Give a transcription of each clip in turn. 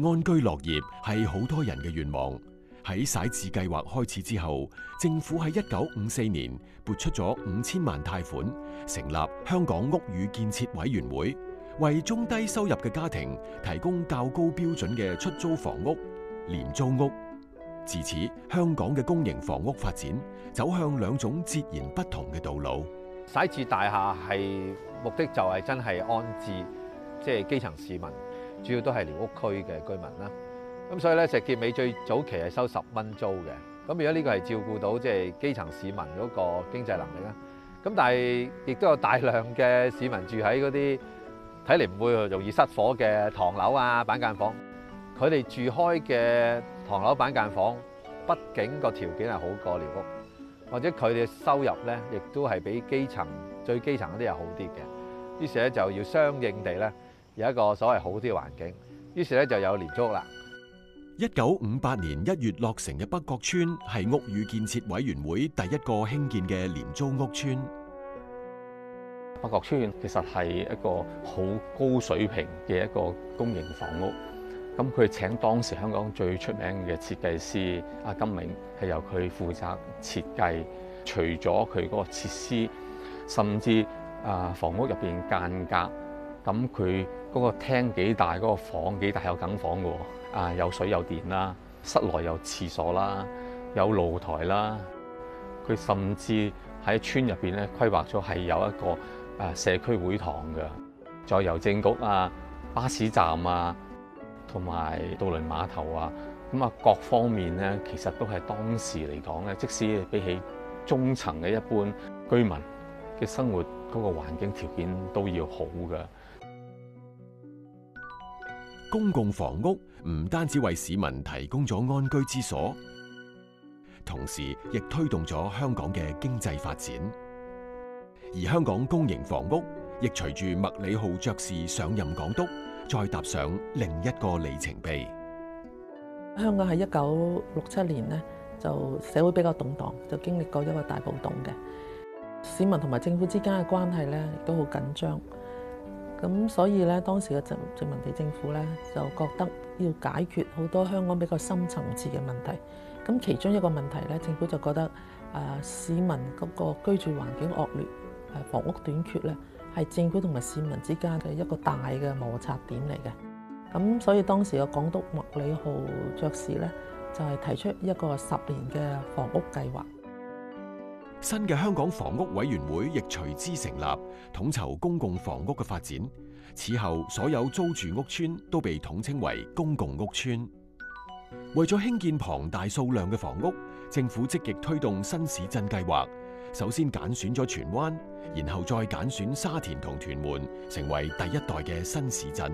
安居樂業係好多人嘅願望。喺徙置計劃開始之後，政府喺一九五四年撥出咗五千萬貸款，成立香港屋宇建設委員會，為中低收入嘅家庭提供較高標準嘅出租房屋、廉租屋。自此，香港嘅公營房屋發展走向兩種截然不同嘅道路。徙置大廈係目的就係真係安置，即係基層市民，主要都係廉屋區嘅居民啦。咁所以咧，石硤尾最早期係收十蚊租嘅。咁如果呢個係照顧到即係基層市民嗰個經濟能力啦。咁但係亦都有大量嘅市民住喺嗰啲睇嚟唔會容易失火嘅唐樓啊、板間房。佢哋住開嘅唐樓板間房，畢竟個條件係好過寮屋，或者佢哋收入咧亦都係比基層最基層嗰啲係好啲嘅。於是咧就要相應地咧有一個所謂好啲嘅環境。於是咧就有廉租屋啦。一九五八年一月落成嘅北角村係屋宇建設委員會第一個興建嘅廉租屋邨。北角村其實係一個好高水平嘅一個公營房屋。咁佢請當時香港最出名嘅設計師阿金明，係由佢負責設計，除咗佢嗰個設施，甚至啊房屋入邊間隔。咁佢嗰個廳幾大，嗰個房幾大，有緊房嘅喎，啊有水有電啦，室內有廁所啦，有露台啦。佢甚至喺村入邊咧，規劃咗係有一個誒社區會堂嘅，仲有郵政局啊、巴士站啊，同埋渡輪碼頭啊。咁啊，各方面咧，其實都係當時嚟講咧，即使比起中層嘅一般居民嘅生活嗰個環境條件都要好嘅。公共房屋唔單止為市民提供咗安居之所，同時亦推動咗香港嘅經濟發展。而香港公營房屋亦隨住麥理浩爵士上任港督，再踏上另一個里程碑。香港喺一九六七年呢，就社會比較動盪，就經歷過一個大暴動嘅，市民同埋政府之間嘅關係呢都好緊張。咁所以咧，當時嘅殖殖民地政府咧，就覺得要解決好多香港比較深層次嘅問題。咁其中一個問題咧，政府就覺得誒、呃、市民嗰個居住環境惡劣，誒房屋短缺咧，係政府同埋市民之間嘅一個大嘅摩擦點嚟嘅。咁所以當時嘅港督麥理浩爵士咧，就係、是、提出一個十年嘅房屋計劃。新嘅香港房屋委員會亦隨之成立，統籌公共房屋嘅發展。此後所有租住屋邨都被統稱為公共屋邨。為咗興建龐大數量嘅房屋，政府積極推動新市鎮計劃，首先揀選咗荃灣，然後再揀選沙田同屯門，成為第一代嘅新市鎮。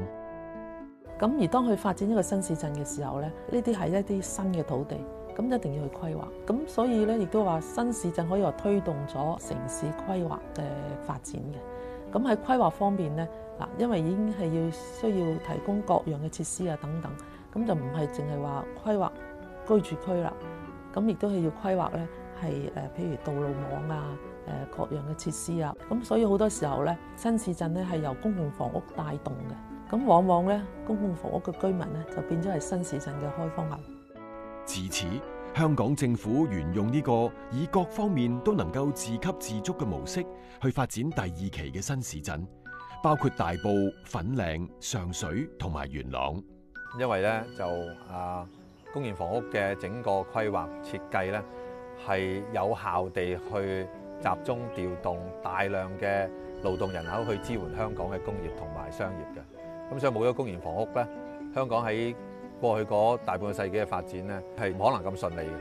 咁而當佢發展一個新市鎮嘅時候咧，呢啲係一啲新嘅土地。咁一定要去規劃，咁所以咧亦都話新市鎮可以話推動咗城市規劃嘅發展嘅。咁喺規劃方面咧，嗱，因為已經係要需要提供各樣嘅設施啊等等，咁就唔係淨係話規劃居住區啦，咁亦都係要規劃咧係誒譬如道路網啊、誒各樣嘅設施啊。咁所以好多時候咧，新市鎮咧係由公共房屋帶動嘅，咁往往咧公共房屋嘅居民咧就變咗係新市鎮嘅開荒人。自此，香港政府沿用呢個以各方面都能夠自給自足嘅模式去發展第二期嘅新市鎮，包括大埔、粉嶺、上水同埋元朗。因為咧就啊，公營房屋嘅整個規劃設計咧係有效地去集中調動大量嘅勞動人口去支援香港嘅工業同埋商業嘅。咁所以冇咗公營房屋咧，香港喺過去嗰大半個世紀嘅發展咧，係唔可能咁順利嘅。